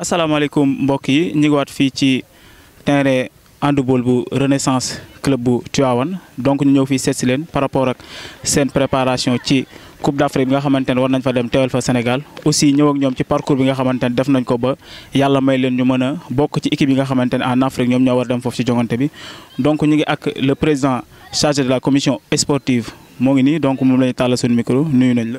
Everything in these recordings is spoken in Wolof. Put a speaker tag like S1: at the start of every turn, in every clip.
S1: asalaamaaleykum mbok yi ñi ngi waat fi ci terrain handball bu Renaissance club bu Tivaouane donc ñu ñëw fi seet si leen par rapport ak seen préparation ci Coupe d'Afrique bi nga xamantene war nañ fa dem teewal fa Sénégal aussi ñëw ak ñom ci parcours bi nga xamantene def nañ ko ba yalla may leen ñu mëna bokk ci équipe bi nga xamantene en Afrique ñom ñoo war dem fofu ci jongante bi donc ñi ngi ak le président chargé de la commission sportive mo ngi ni donc moom la ñu suñu micro nuyu nañ la.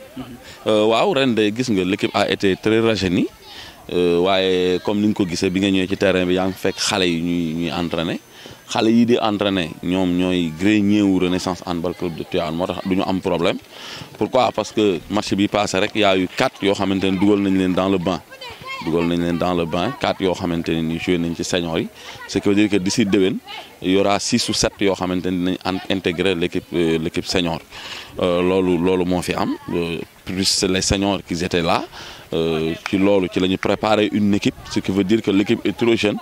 S2: Euh, waaw ren de gis nga l'équipe a été très rajeunie euh, waaye comme ni nga ko gisee bi nga ñëwee ci terrain bi yaa ngi fekk xale yi ñuy ñuy entraîner xale yi di entraîner ñoom ñooy grenier wu Renaissance handball club de Tivaouane moo tax duñu ñu am problème pourquoi parce que match bi passé rek y a eu yoo xamante ne dugal nañ leen dans le banc. dugal nañ dans le bain quatre joueurs xamante ni joué nañ ci seniors ce qui veut dire que d'ici déwén il y aura 6 ou 7 joueurs xamante ni dinañ an intégrer l' équipe euh, l' équipe senior euh, loolu loolu fi am euh, plus les seniors qui étaient là ci loolu ci la ñu préparé une équipe ce qui veut dire que l'équipe est trop jeune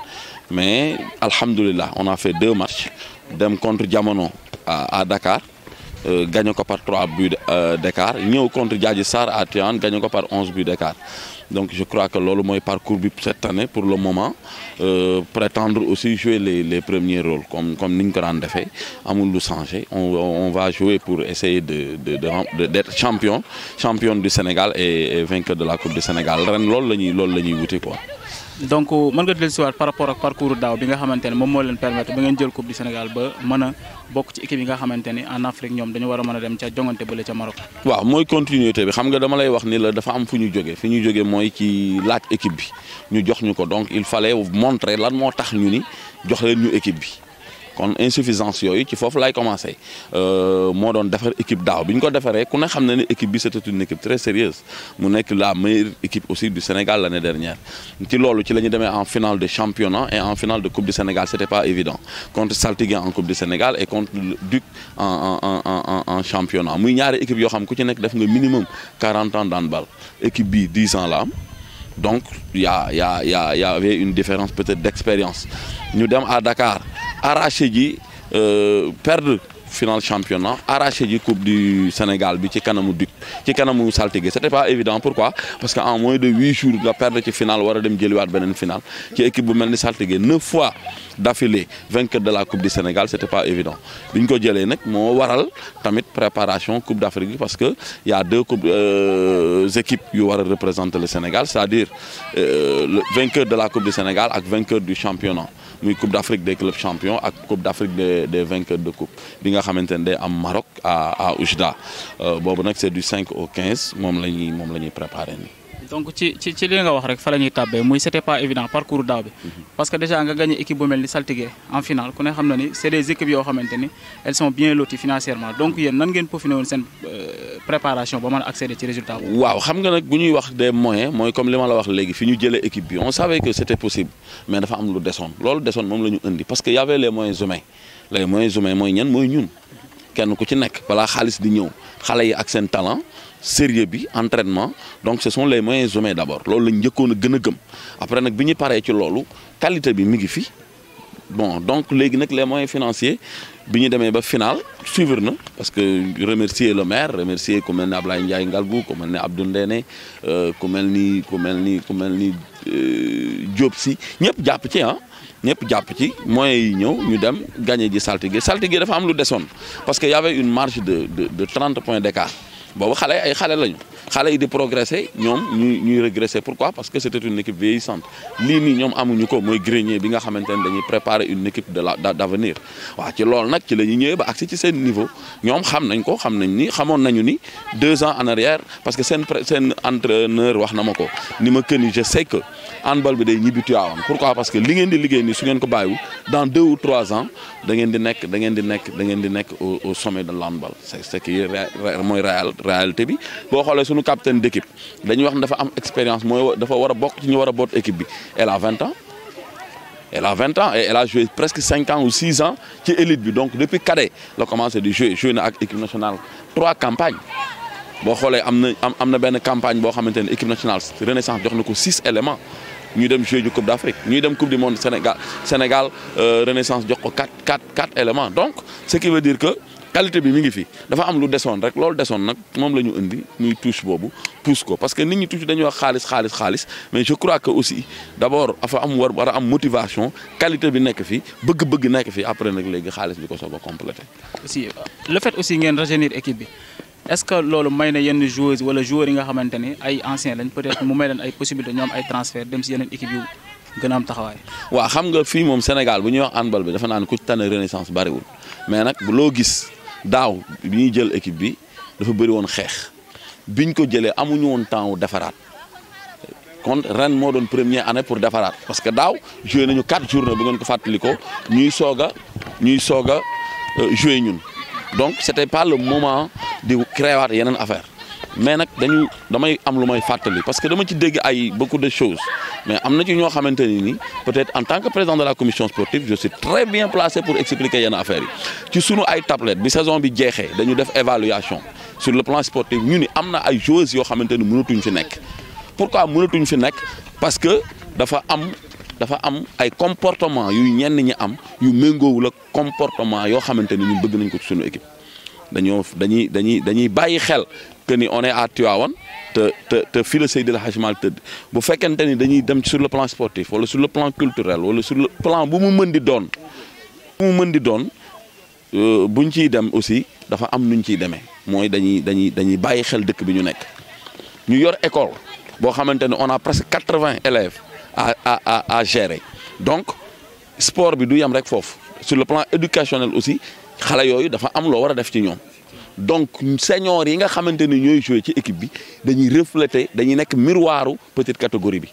S2: mais alhamdoulilah, on a fait deux matchs dem contre Jamono à Dakar gagné par 3 buts d'écart ñëw contre Diadji à Tivaouane gagné par 11 buts d'écart donc je crois que que je parcours bi cette année pour le moment euh, prétendre aussi jouer les premiers rôles comme comme ni ko on va jouer pour essayer de d'être champion champion du Sénégal et vainqueur de la Coupe du Sénégal ren
S1: donc euh, par rapport au parcours de bi Coupe du Sénégal bokk ci équipe yi nga xamante ni en Afrique ñoom dañu war a mën a dem ca jongante bële ca Maroc.
S2: waaw mooy continuité bi xam nga dama lay wax ni la dafa am fu ñu jógee fi ñu jógee mooy ci laaj équipe bi ñu jox ñu ko donc il fallait montrer lan moo tax ñu ni jox leen ñu équipe bi. kon insuffisance yooyu ci fofu lay commencé euh, moo doon defar équipe daw biñ ko defaree ku ne xam na équipe bi c'était une équipe très sérieuse mu nek la meilleure équipe aussi du Sénégal l'année dernière ci lolu ci lañu démé en finale de championnat et en finale de coupe du Sénégal c'était pas évident contre Saltiga en coupe du Sénégal et contre Duc en en en en championnat muy équipe yo xam ku ci nek def nga minimum 40 ans d'handball équipe bi 10 ans la Donc donc y a y a y y avait une différence peut-être d'expérience Nous dem à Dakar arraché la euh, perdre final championnat arraché la coupe du Sénégal ce n'était pas évident pourquoi parce qu'en moins de 8 jours la perdre ci final finale, a de jëliwaat beneen final équipe bu fois d'affilée vainqueur de la coupe du Sénégal ce n'était pas évident Il ko de waral coupe d'Afrique parce que y a deux euh, équipes qui représentent le Sénégal c'est-à-dire euh, le vainqueur de la coupe du Sénégal et vainqueur du championnat muy coupe d'Afrique des clubs champions ak coupe d'Afrique des vainqueurs de coupe bi nga xamantene day Maroc à à Oujda euh, du 5 au 15 Je lañuy mom lañuy
S1: donc ci ci ci li nga wax rek fa c'était pas évident parcours daaw mhm. parce que déjà nga gagné équipe bu mel Saltigué en finale ku ne xam na ni c'est des équipes qui xamante elles sont bien loties financièrement donc yéen nan ngeen peaufiné woon seen euh, préparation ba mën accéder ci résultat boobu.
S2: waaw xam nga nag bu wax des moyens mooy comme li ma la wax léegi fi ñu équipe bi on savait que c'était possible mais dafa am lu desoon loolu desoon moom la indi parce que y avait les moyens humains les moyens humains mooy ñan ñun kenn ku ci nekk bala xaalis di ñëw xale yi ak seen talent sérieux bi entraînement donc ce sont les moyens humains d'abord loolu la ñu njëkkoon a gën a gëm après nag bi ñu paree ci loolu qualité bi mi ngi fi bon donc léegi nag les moyens financiers bi ñu demee ba final suivre na parce que remercier le maire remercier ku mel ni Ablaye Ndiaye Ngalgou ku mel ni Abdou Ndéné euh, ku mel ni ku mel ni ku mel ni euh, Diop si ñëpp jàpp ci ah. ñëpp jàpp ci moyens ñëw ñu dem gagné ji saltige saltige dafa am lu desoon parce que y une marge de de de trente points d'écart boobu xalé ay xalé lañu xalé yi di progresser ñom ñuy ñuy régresser pourquoi parce que c'était une équipe vieillissante lii nii ñoom amuñu ko moy grenier bi nga xamantene dañuy préparer une équipe de l'avenir, d'avenir waaw ci lool nak ci la ñuy ba agsi ci sen niveau ñom xam nañ ko xam nañ ni xamone nañu ni deux ans en arrière parce que sen sen entraîneur wax na ma ko ni ma je sais que handball bi day ñibbi Tivaouane pourquoi parce que li ngeen di liggéey ni su ngeen ko bàyyiwul dans deux ou trois ans da ngeen di nekk da ngeen di nekk da ngeen di nekk au sommet de l'handball c'est ce qui est réel réalité bi bo xolé suñu capitaine d'équipe. dañuy wax ne dafa am expérience moy dafa wara a ci ñu wara bot équipe bi elle a 20 ans elle a 20 ans et elle a joué presque 5 ans ou 6 ans ci élite bi donc depuis cadet a commencé de jouer jouer na équipe nationale trois campagnes bo xolé amna amna ben campagne bo xamante équipe nationale Renaissance jox nako 6 éléments ñu dem jouer ju Coupe d'Afrique, Afrique ñuy dem Coupe du monde Sénégal Sénégal euh, Renaissance jox ko 4 4 4 éléments donc ce qui veut dire que qualité bi mi ngi fi dafa am lu desoon rek lolou desoon nak mom lañu indi muy touche bobu pousse ko parce que nit ñi toujours dañu wax xaalis xaalis xaalis mais je crois que aussi d'abord afa am war war am motivation qualité bi nekk fi bëgg-bëgg nekk fi après nak légui xaalis bi ko soog a
S1: aussi euh, le fait aussi ngeen rajeunir équipe bi est ce que lolou may na yenn joueurs wala joueurs yi nga xamanteni ay anciens lañ peut être mu may leen ay possibilité ñoom ay transfert dem ci yenen équipe yu gëna am taxaway
S2: wa xam nga fi mom Sénégal bu ñu wax handball bi dafa naan ku tànn renaissance wul mais nak lo gis. daaw ñuy jël équipe bi dafa bëri woon xeex biñ ko jëlee amuñu woon temps defaraat kon ren moo doon première année pour defaraat parce que daaw joué nañu quatre journées bu ngeen ko fàttalikoo ñuy soog a ñuy soog a euh, joué ñun donc est pas le moment di créewaat yeneen affaires mais nak dañu damay am lu may fatali parce que dama ci dégg ay beaucoup de choses mais amna ci ño xamanteni ni peut-être en tant que président de la commission sportive je suis très bien placé pour expliquer yenn affaire ci sunu ay tablette bi saison bi jeexee dañu def évaluation sur le plan sportif ñu ni am ay joueuses yo xamanteni ni mënatuñ fi pourquoi mënatuñ fi nek parce que dafa am dafa am ay comportement yu ñenn ñi am yu méngoowul ak comportement yo xamanteni ni ñun bëgg nañ ko ci sunu équipe dañoo dañuy dañuy dañuy bàyyi xel que ni on est à Tivaouane te te te fii la Seydi El Hadji bu fekkente ni dañuy dem sur le plan sportif wala sur le plan culturel wala sur le plan bu mu mën di doon bu mu mën di doon euh, buñ ciy dem aussi dafa am nuñ ciy demee mooy dañuy dañuy dañuy bàyyi xel dëkk bi ñu nekk ñu yor école boo xamante on a presque 80 élèves à à à gérer donc sport bi du yem rek foofu sur le plan éducationnel aussi xale yoyu dafa am lo wara def ci ñoom donc seniors yi nga xamanteni ñoy jouer ci équipe bi dañuy refléter dañuy nek miroiru petite catégorie bi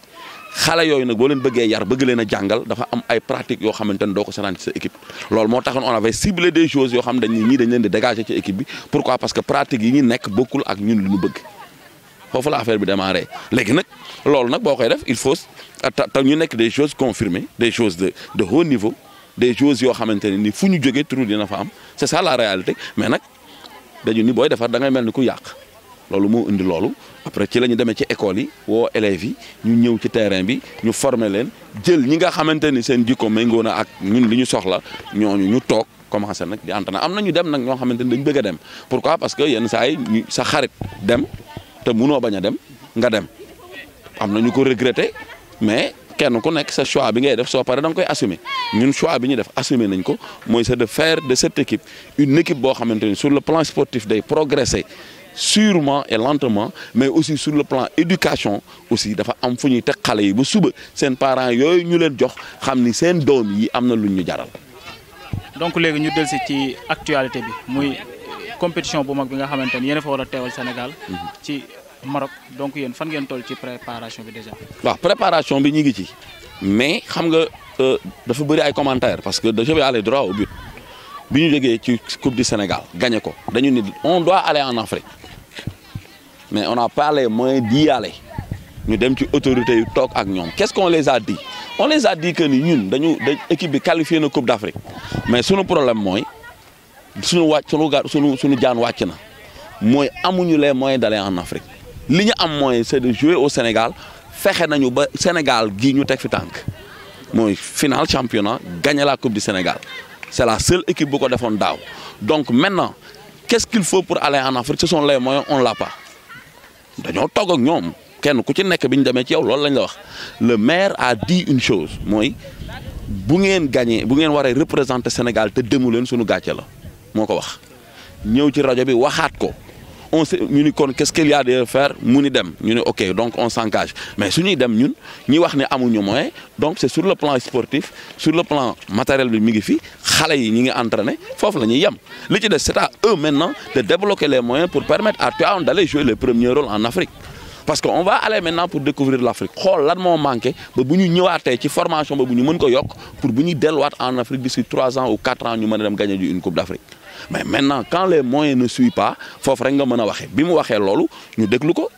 S2: xale yoyu nak bo leen bëggee yar bëgg leena jangal dafa am ay pratique yo xamanteni ne doo ko sanaan ci sa équipe lool mo taxone on avait ciblé des choses yo xam dañ ñii dañ leen di dégager ci équipe bi pourquoi parce que pratique yi ñi nek bokul ak ñun lu ñu bëgg fofu la affaire bi démarré légui nak lool nak boo def il faut ta ñu nek des choses confirmées des choses de de haut niveau des choses yo xamanteni ni fuñu joggé jógee turu dina fa am c'est ça la réalité mais nak dañu ni boy defar da ngay melni ku yaq lolu mo indi lolu après ci lañu démé ci école yi wo élèves yi ñu ñëw ci terrain bi ñu former leen jël ñi nga xamanteni seen jikko may na ak ñun liñu soxla ñooñu ñu tok commencé nak di entraîner amna ñu dem nak ño xamanteni dañu bëgg dem pourquoi parce que yeen say sa xarit dem té mëno baña dem nga dem amna ñu ko regretter mais. kenn ku nekk sa choix bi ngay def soo paree da nga koy assumer ñun choix bi ñu def assumer nañ ko mooy c'est de faire de cette équipe une équipe boo xamante ni sur le plan sportif day progresser sûrement et lentement mais aussi sur le plan éducation aussi dafa am fu ñuy teg xale yi ba suba seen parents yooyu ñu leen jox xam ni seen doom yi am na lu ñu jaral.
S1: donc léegi ñu dellusi ci actualité bi muy compétition bu mag bi nga xamante ni yéen a fa war a teewal Sénégal. Mhm. ci Maroc donc il fan ngeen toll préparation déjà.
S2: la préparation bi ñu mais xam nga euh, dafa bëri ay parce que je vais aller droit au but Si nous jógee la coupe du Sénégal gagné on doit aller en Afrique mais on n'a pas les moyens d'y aller Nous dem ci autorités yu ak qu'est-ce qu'on les a dit on les a dit que nous, ñun dañu équipe bi qualifié coupe d'Afrique mais ce problème pas le problème. Ce n'est pas le jaan na les moyens d'aller en Afrique. Ce qu'on am c'est de jouer au Sénégal fexe nañu le Sénégal gii ñu teg fi tank. mooy final championnat gagner la coupe du Sénégal c'est la seule équipe bu ko defoon daaw donc maintenant qu'est-ce qu'il faut pour aller en Afrique ce sont les moyens on l'a pas Nous togg ak de kenn ku ci nekk de ñu le maire a dit une chose Si bu ngeen gagné bu ngeen représenter Sénégal te demu leen sunu gàcce la moo ko wax ñëw ci rajo bi waxaat ko on sait qu'est-ce qu'il y a à faire ok donc on s'engage mais si on dem ñun ñi wax donc c'est sur le plan sportif sur le plan matériel de mi ngi fi entraîner, yi entraîné c'est à eux maintenant de débloquer les moyens pour permettre à Tivaouane d'aller jouer le premier rôle en Afrique parce qu'on va aller maintenant pour découvrir l'Afrique Si lan moo manqué formation pour en Afrique d'ici trois ans ou quatre ans ñu gagner une coupe d'Afrique mais maintenant quand les moyens ne suivent pas faut rek nga mën a waxee bi mu ñu déglu ko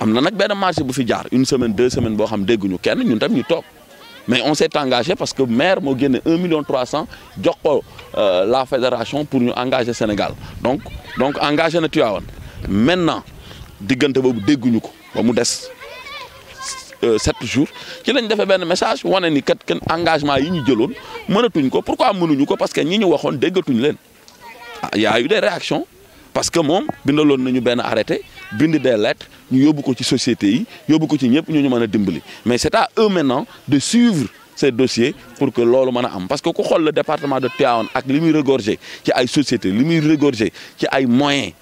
S2: amna nak nag benn marché bu fi jaar une semaine deux semaines bo xam ñu kenn ñun tam ñu top. mais on s'est engagé parce que maire mo guéné un million trois jox ko euh, la fédération pour ñu engager Sénégal donc donc engagé na Tivaouane maintenant diggante boobu dégguñu ko ba mu euh, sept jours ci lañ defee benn message wane ni kat ken engagement yi ñu jëloon mënatuñ ko pourquoi mënuñu ko parce que ñi ñu waxoon déggatuñ leen il ah, y a eu des réactions parce que nous bindaloon nañu nous arrêté des lettres nous avons beaucoup de société nous avons beaucoup de gens qui nous mais c'est à eux maintenant de suivre ces dossiers pour que l'on mën parce que le département de Théaon a li société, regorger ci ay sociétés a muy regorger ci ay moyens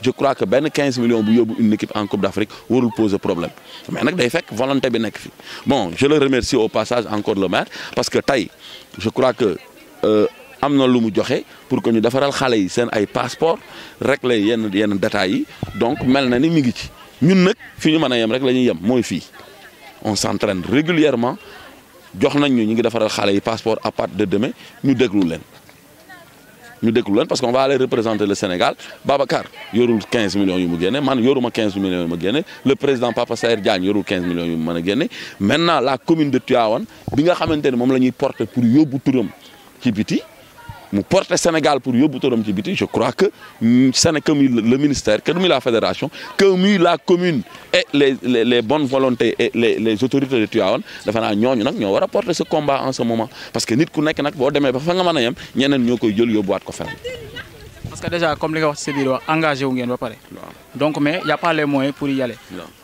S2: je crois que 15 millions bu une équipe en Coupe d'Afrique warul poser problème mais il day a volonté bi bon je le remercie au passage encore le maire parce que taille, je crois que. Euh, amna lu mu joxé pour que ñu defaral xalé yi seen ay passeport régler yenn yenn détails donc mel na ni mi ngi ci ñun nak fi ñu mëna rek lañuy moy fi on s'entraîne régulièrement jox nañ ñu ñu ngi defaral xalé yi passeport à partir de demain ñu déglu len ñu déglu len parce qu'on va aller représenter le Sénégal Babacar yorul 15 millions yu mu génné man yoruma 15 millions yu ma génné le président Papa Saer Diagne yorul 15 millions yu mu maintenant la commune de Tiawan bi nga xamanteni mom lañuy porter pour yóbbu turam ci biti mu porter Sénégal pour le turam ci biti je crois que mm, Sénégal, le ministère que la fédération que la commune et les bonnes volontés et les autorités de Tuaon, nous allons porter ce combat en ce moment parce que nous sommes tous pas gens, demee ba fa nga mën a ñeneen koy jël parce
S1: que déjà comme les gens wax si ne engagé wu donc mais n'y a pas les moyens pour y aller.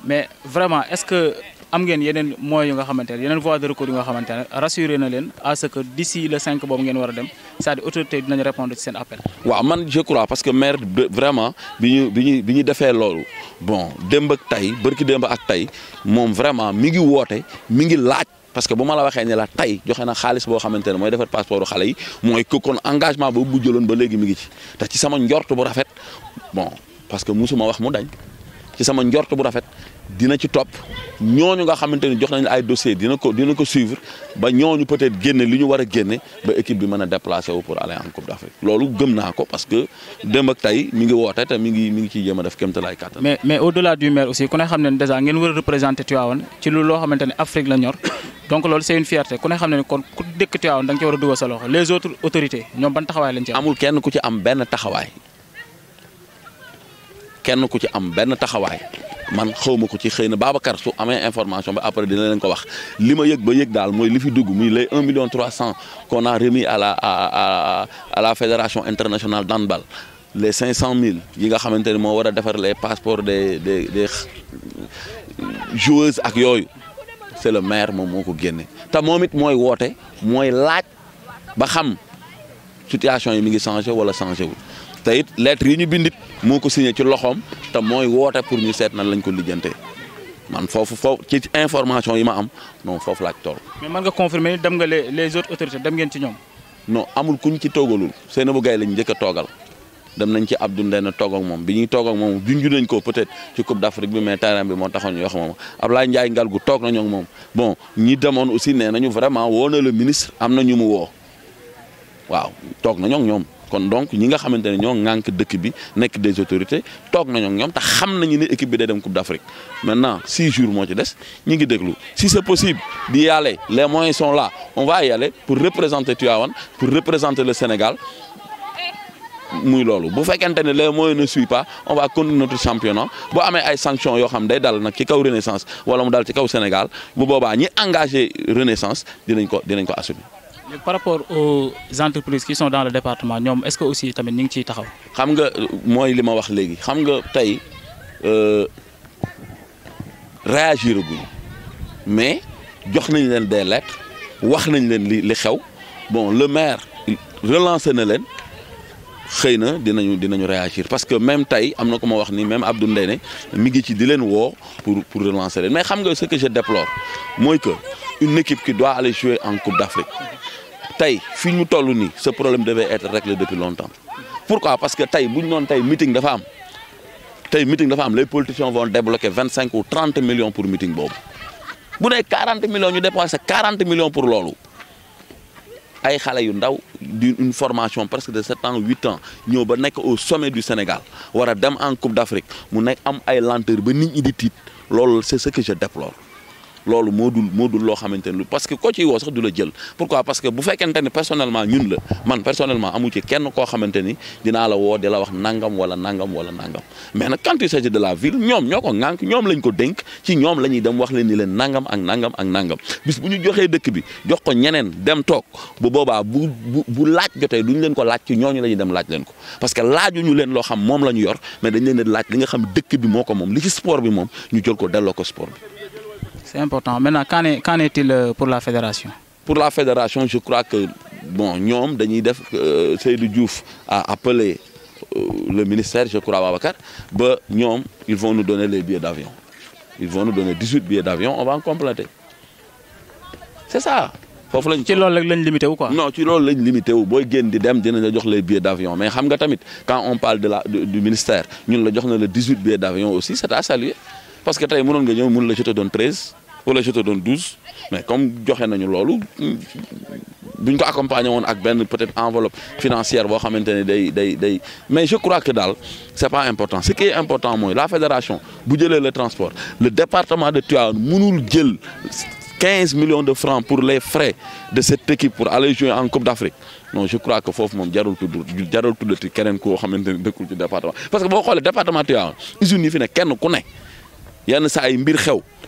S1: mais vraiment est-ce que. am ngeen yeneen moyens yu nga xamante ne yeneen voies de recours yu nga xamante ne rassuré na leen à ce que d'ici le 5 boobu ngeen war a dem c'est-à-dire autorité yi dinañ répondre ci seen appel.
S2: waaw man je crois parce que maire vraiment bi ñu bi ñu bi ñu defee loolu bon demb ak tey bërki demb ak tey moom vraiment mi ngi woote mi ngi laaj. parce que bu ma la waxee ne la tey joxe na xaalis boo xamante ne mooy defar passeport xale yi mooy que kon engagement boobu bu jëloon ba léegi mi ngi ci te ci sama njort bu rafet bon parce que musuma wax mu dañ. ci sama njort bu rafet dina ci topp ñooñu nga xamante ni jox nañ ay dossier dina ko dina ko suivre ba ñooñu peut-être génne li ñu war a génne ba équipe bi mën a déplacé wu pour aller en Coupe d'Afrique loolu gëm naa ko parce que démb ak tey ngi woote te mi ngi mi ngi ciy jéem a def kéem talaay kàttan.
S1: mais mais au-delà du maire aussi ku ne xam ne déjà ngeen war a représenter Tivaouane ci lu loo xamante ne Afrique la ñor donc loolu c'est une fierté ku ne xam ne kon ku dëkk a dugal sa loxo les autres autorités ñoom ban taxawaay lañ
S2: am. benn taxawaay. kenn ku ci am benn taxawaay man xaw ko ci xëy na Babacar su amee information ba après dina leen ko wax li ma yëg ba yëg daal mooy li fi dugg muy les 1 million 300 qu'on a remis à la à à à la fédération internationale d'handball les 500 000 yi nga xamante ne moo war a defar les passeports des des des joueuses ak yooyu c'est le maire moom moo ko génne te moom it mooy woote mooy laaj ba xam situation yi mi ngi changé wala changé wul. te it lettre yi ñu bindit moo ko signé ci loxoom te mooy woote pour ñu seet nan lañ ko lijjantee man foofu foofu ci information yi ma am non foofu laaj tool.
S1: mais man nga confirmer ni dem nga les les autres autorités dem ngeen ci ñoom.
S2: non amul kuñ ci toogalul Seynabou Gaye lañ njëkk toogal dem nañ ci Abdou Ndéné toog moom bi ñuy toog moom junj nañ ko peut-être ci Coupe d'Afrique bi mais terrain bi moo taxoon ñu wax moom Ablaye Ndiaye ngal gu toog nañu ak moom bon ñi demoon aussi nee nañu vraiment woo na le ministre am na ñu mu woo waaw toog nañu ak ñoom. kon donc ñi nga xamante ñoo ngank dëkk bi nek des autorités tok nañu ñom ta xam nañu ni équipe bi day dem Coupe d'Afrique maintenant six jours mo ci des ñi ngi déglu si c'est possible d'y aller les moyens sont là on va y aller pour représenter Tivaouane pour représenter le Sénégal muy lolu bu fekkente ne les moyens ne suivent pas on va continuer notre championnat bu amé ay sanctions yo xam day dal nak ci kaw Renaissance wala mu dal ci kaw Sénégal bu boba ñi engagé Renaissance dinañ ko dinañ ko assumer
S1: par rapport aux entreprises qui sont dans le département est-ce que
S2: aussi tu choses à faire taxaw. xam nga mooy li ma wax je xam nga euh, réagir mais jox nañ a des lettres wax nañ leen li bon le maire relancé na lettres, xëy ne dinañu dinañu réagir parce que même Taï, ko ma même Abdou Ndeye ne mi des ci pour pour relancer mais xam nga ce que je déplore c'est que une équipe qui doit aller jouer en Coupe d'Afrique ce problème devait être réglé depuis longtemps. Pourquoi Parce que meeting de femmes, les politiciens vont débloquer 25 ou 30 millions pour le meeting Bob. on a 40 millions, nous 40 millions pour l'eau. Aïe d'une formation presque de 7 ans 8 ans, nous sommes au sommet du Sénégal, ou en Coupe d'Afrique, nous sommes en lenteur, c'est ce que je déplore. loolu moo dul moo loo xamante ne lu parce que koo ciy woo du la jël pourquoi parce que bu fekkente ni personnellement ñun la man personnellement amu ci kenn koo xamante ni dinaa la woo di la wax nangam wala nangam wala nangam mais nag quand il s'agit de la ville ñoom ñoo ko ŋànk ñoom lañ ko dénk ci ñoom la ñuy dem wax leen ni leen nangam ak nangam ak nangam bis ñu joxee dëkk bi jox ko ñeneen dem bu boobaa bu bu bu laaj jotee duñ leen ko laaj ci ñooñu la ñuy dem laaj leen ko parce que laajuñu leen loo xam moom la ñu yor mais dañ leen di laaj li nga xam dëkk bi moo ko moom li ci sport ñu jël ko delloo ko sport bi
S1: C'est important. Maintenant, qu'en est-il euh, pour la
S2: fédération Pour la fédération, je crois que bon, nous, Def euh, Seydou Diouf a appelé euh, le ministère, je crois, Babacar. nous, ils vont nous donner les billets d'avion. Ils vont nous donner 18 billets d'avion, on va en compléter. C'est ça. Tu l'as limité ou quoi. non tu l'as limité ou boy di les billets d'avion. mais tamit quand on parle du ministère nous, avons les les 18 billets d'avion aussi C'est à saluer parce que tu as nga ñëw mën la donne 13 je te donne 12 mais comme nous nañu lolu buñ ko accompagner won ak peut-être enveloppe financière day day day mais je crois que ce c'est pas important ce qui est important que la fédération bu le transport le département de Tivaouane mënul jël 15 millions de francs pour les frais de cette équipe pour aller jouer en Coupe d'Afrique non je crois que Fof moom jarul tudd jarul tout le koo département parce que le département Tivaouane usines yi fi ne kenn ku il y a ay mbir xew.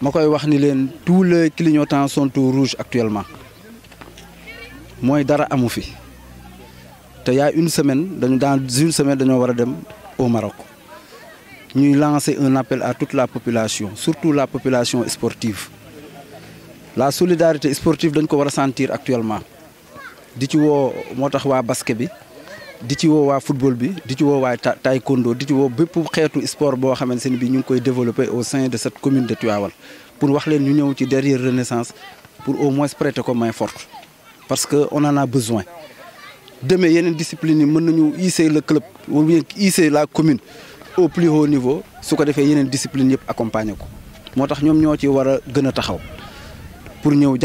S3: Je koy wax tous les clignotants sont tout rouges actuellement suis dara amu fi Il y a une semaine dans une semaine nous au Maroc Nous lancer un appel à toute la population surtout la population sportive la solidarité sportive dañ ko sentir actuellement Dites-vous, je suis basket di ci football bi taekwondo di sport au sein de cette commune de pour voir leen ñu ñëw derrière Renaissance pour au moins prêter comme main forte parce que on en a besoin a une discipline yi nous hisser le club ou la commune au plus haut niveau Ce qui fait une discipline a accompagner ko accompagner pour nous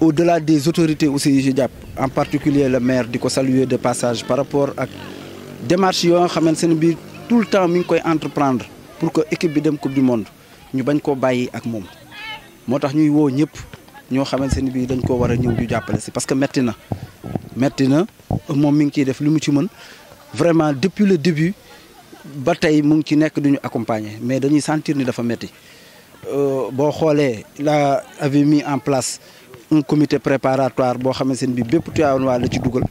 S3: au-delà des autorités aussi je dis en particulier le maire di saluer de passage par rapport à démarche yoo xamante seen tout le temps mi koy entreprendre pour que équipe bi dem coupe du monde ñu bañ koo bàyyi ak moom moo tax ñuy avons ñëpp ñoo xamante ne bii dañ koo war a ñëw ñu jàppale parce que metti na metti na moom mi ngi def li ci vraiment depuis le début ba tey mu ngi ci nekk duñu accompagner mais dañuy sentir ni dafa metti euh, boo xoolee la avait mis en place un comité préparatoire bo xamante sen bi bépp tuyawone waa la ci dugal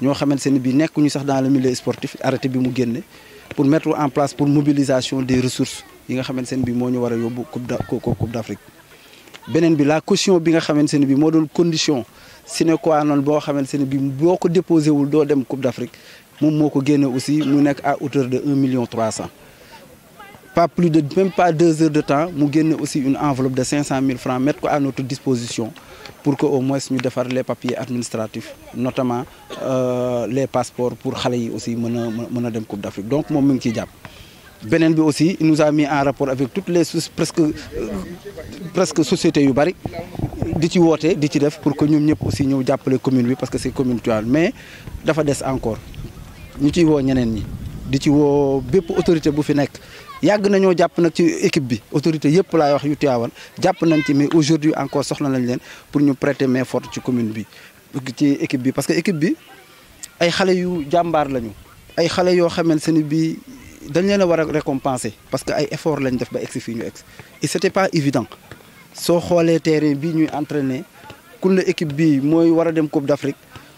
S3: ño xamante sen bi nekkuñu sax dans le milieu sportif arrêté bi mu génne pour mettre en place pour mobilisation des ressources yi nga xamante sen bi mo ñu wara yobbu coupe d'Afrique benen bi la caution bi nga xamante sen bi moo doon condition sine qua non bo xamante sen bi boko déposé wul do dem coupe d'Afrique. mom moko moo aussi mu nekk à hauteur de un million trois pas plus de même pas deux heures de temps mu gagnons aussi une enveloppe de cinq cent mille francs mettre ko à notre disposition pour que au moins les papiers administratifs notamment euh, les passeports pour les aussi Coupe d'Afrique donc moi je ngi aussi il nous a mis en rapport avec toutes les presque euh, presque sociétés pour que nous aussi parce que c'est communal. mais encore ñu autorité yàgg nañoo jàpp nag ci équipe bi autorité yépp laay wax yu Tivaouane jàpp nañ ci mais aujourd'hui encore soxla nañ leen pour ñu prêter main forte ci commune bi ci équipe bi parce que équipe bi ay xale yu jàmbaar lañu ay xale yoo xamante ne bi dañ leen a war a récompenser parce que ay effort lañ def ba egsi fii ñu egsi et c'était pas évident soo xoolee terrain bi ñuy entraîner kun la équipe bi mooy war a dem Coupe d'Afrique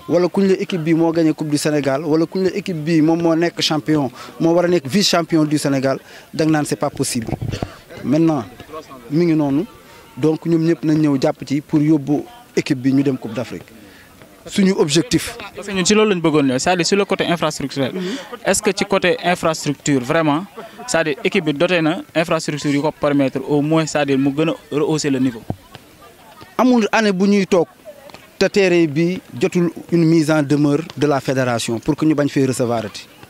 S3: wala kuñ ñu la équipe bi moo gagné coupe du Sénégal wala kuñ ñu la équipe bi moom moo nekk champion moo war a nekk vice champion du Sénégal da nga naan c'est pas possible. maintenant mi ngi noonu donc ñoom ñëpp nañ ñëw jàpp ci pour yóbbu équipe bi ñu dem coupe d'Afrique
S1: suñu objectif. parce que ñun ci loolu lañ bëggoon ñëw c'est-à-dire sur le côté infrastructurel est-ce que ci côté infrastructure vraiment c'est-à-dire équipe bi dotée na infrastructure yu ko permettre au moins c'est-à-dire mu gën a rehausser le niveau. amul année bu ñuy toog un
S3: terrain bi une mise en demeure de la fédération pour que nous puissions recevoir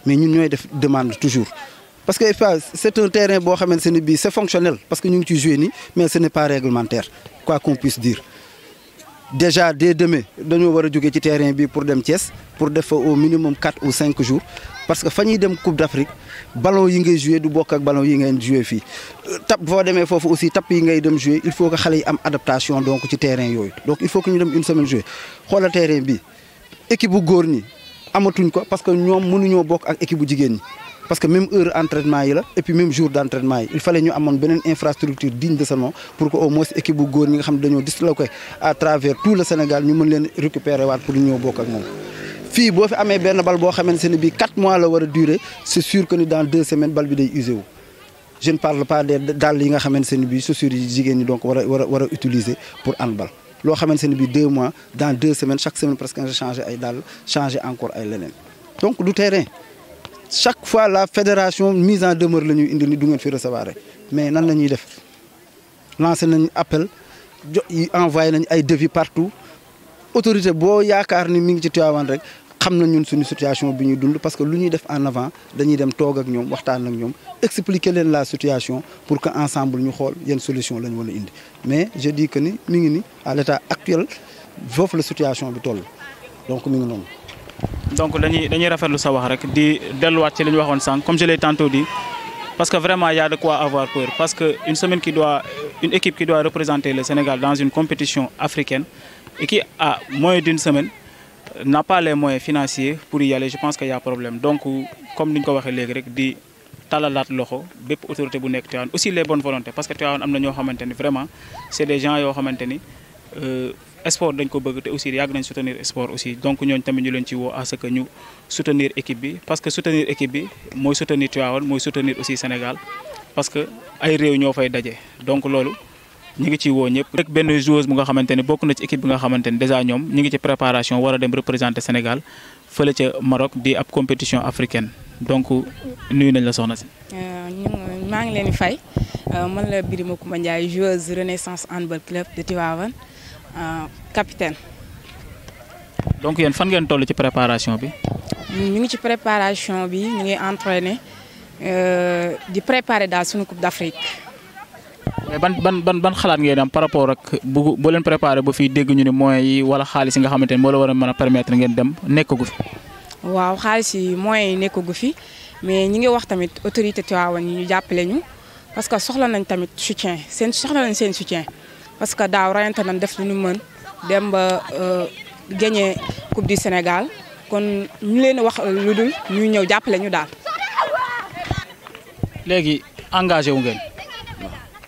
S3: mais nous, nous toujours parce que eh, c'est un terrain qui est c'est fonctionnel parce que nous ngi mais ce n'est pas réglementaire quoi qu'on puisse dire déjà dès demain nous allons a ci terrain pour des pièces pour def au minimum 4 ou 5 jours parce que fa ñuy dem Coupe d'Afrique ballon yi ngay joué du bokk ak ballon yi ngeen joué Il euh, tap aussi tap yi ngay dem joué il faut que yi adaptation donc ci terrain donc il faut que ñu dem une semaine de le terrain bi équipe L'équipe ko parce que nous mënuñoo bokk ak équipe bu parce que même heure d'entraînement et puis même jour d'entraînement, il fallait ñu ait une infrastructure digne de ce nom pour que l'équipe moins équipe bu góor ñi nga à travers tout le Sénégal ñu mën leen récupérer waat pour ñoo bokk ak moom si vous avez un balle qui a duré 4 mois, c'est sûr que dans 2 semaines, le balle va être Je ne parle pas des dalles qui ont été c'est sûr que les donc vont utiliser pour un balle. Ce qui a été 2 mois, dans 2 semaines, chaque semaine, presque, j'ai changé les dalles, changé encore les dalles. Donc, le terrain. Chaque fois, la fédération mise en demeure, les gens ne peuvent pas recevoir. Mais comment est-ce qu'ils font Ils lancent un appel, ils envoient des devis partout autorité bo yaakaar ni mi ngi ci Tivaouane rek xamna ñun suñu situation bi ñuy dund parce que lu ñuy def en avant dañuy dem toog ak ñom waxtaan ak ñom expliquer leen la situation pour que ensemble ñu xol yeen solution lañ war indi mais je dis que ni mi ngi ni à l'état actuel fofu la situation bi toll donc mi ngi noonu.
S1: donc dañuy dañuy rafetlu sa wax rek di wat ci li waxon waxoon comme je l'ai tantôt dit parce que vraiment il y a de quoi avoir peur parce que une semaine qui doit une équipe qui doit représenter le Sénégal dans une compétition africaine et qui à ah, moins d'une semaine n'a pas les moyens financiers pour y aller je pense qu'il y a un problème donc comme nous dit ko Grecs, léegi rek di talalaat loxo bépp autorité bu aussi les bonnes volontés parce que nous avons na ñoo vraiment c'est des gens qui ont ni euh, sport dañ ko bëgg aussi yàgg nañ soutenir sport aussi donc on avons ñu à ce que ñu soutenir l'équipe. parce que soutenir l'équipe, bi soutenir Tivaouane c'est soutenir aussi Sénégal parce que ay réew ñoo fay daje donc loolu ñu ngi ci woo ñëpp rek benn joueuse bu nga xamante ne bokk na ci équipe bi nga xamante ne ñoom ñi ngi ci préparation war a dem représenter Sénégal fële ca Maroc di ab compétition africaine donc nuyu nañ la soxna si. Euh, maa ngi leen di fay euh, man la Birima Koumba Ndiaye joueuse Renaissance handball club de Tivaouane euh, capitaine. donc yéen fan ngeen toll ci préparation bi. ñu ngi ci préparation bi ñu ngi entraîné di préparer daal suñu Coupe d'Afrique. mais ban ban ban ban xalaat ngeen am par rapport ak bu bu leen préparé ba fii dégg ñu ne moyens yi wala xaalis yi nga xamante ne moo la war a mën a permettre ngeen dem nekkagu fi. waaw xaalis yi moyens yi nekkagu fi mais ñi ngi wax tamit autorité Tivaouane yi ñu jàppale ñu parce que soxla nañ tamit soutien seen soxla seen soutien parce que daaw rayante nañ def lu ñu mën dem ba euh, gagné coupe du Sénégal kon ñu leen wax lu dul ñu ñëw jàppale daal. léegi engagé wu ngeen.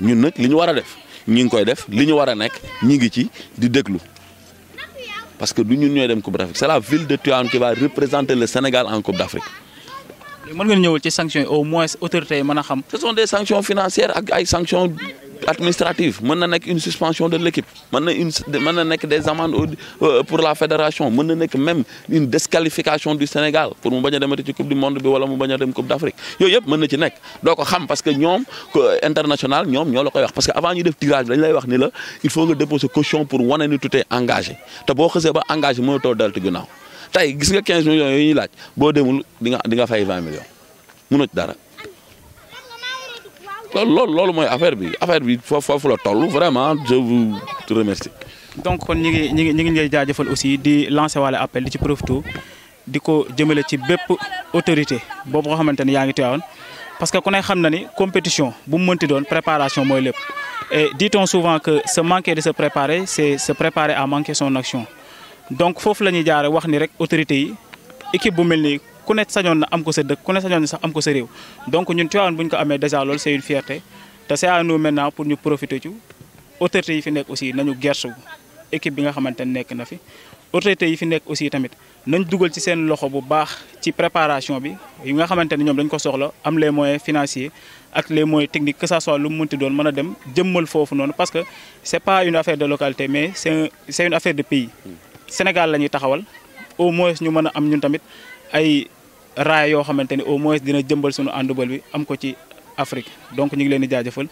S2: ñun nak liñu wara a def ñu ngi koy def liñu wara nek a ngi ci di déglu parce que du ñun ñoy dem Coupe d'Afrique c'est la ville de Tivaouane qui va représenter le Sénégal en Coupe d'Afrique. mën nga ñëwul ci sanctions au moins autorités xam. ce sont des sanctions financières ak ay sanctions administrative mën na une suspension de l'équipe mën na une des amendes euh, pour la fédération mën na même une disqualification du Sénégal pour mon bañ a demati coupe du monde bi wala mu bañ a coupe d'Afrique Yo yep, mën na ci nekk doo ko xam parce que ñoom international ñoom ñoo la koy wax parce que avant ñuy def tirage dañ lay wax ni la il faut que déposer caution pour one ni tout est engagé te boo xësee ba engagé mënatoo deltu ginnaaw tey gis nga 15 millions yooyu ñuy laaj Bo demul di nga fay 20 millions mënoo ci dara loolu loolu loolu affaire bi affaire bi fofu la toll vraiment je vous remercie. donc kon ñi ñi ngi ñu ngi lay aussi di
S1: lancer walla appel di ci prof di diko jëmele ci bép autorité boobu nga xamante ne yaa ngi teewoon parce que ku ne xam na ni compétition bu mu mënti doon préparation mooy lépp et dit-on souvent que se manquer de se préparer c'est se préparer à manquer son action donc foofu la ñuy jaare wax ni rek autorité yi équipe bu mel ni Connaître ça, am ko sax am ko donc ñun avons ko déjà c'est une fierté té c'est à nous maintenant pour ñu profiter ci autorité yi fi aussi nañu gersu équipe bi nga xamantene ne na fi autorité yi fi nekk aussi tamit nañ nous ci seen loxo bu baax ci préparation bi yi nga xamantene ñom dañ ko soxla am les moyens financiers ak les moyens techniques que ça soit le monde doon dem jëmmal parce que c'est pas une affaire de localité mais c'est une affaire de pays mm. Sénégal la taxawal au moins ñu am ay raaya yoo xamante ni au moins dina jëmbal suñu handball bi am ko ci Afrique donc ñu ngi leen di jaajëfal.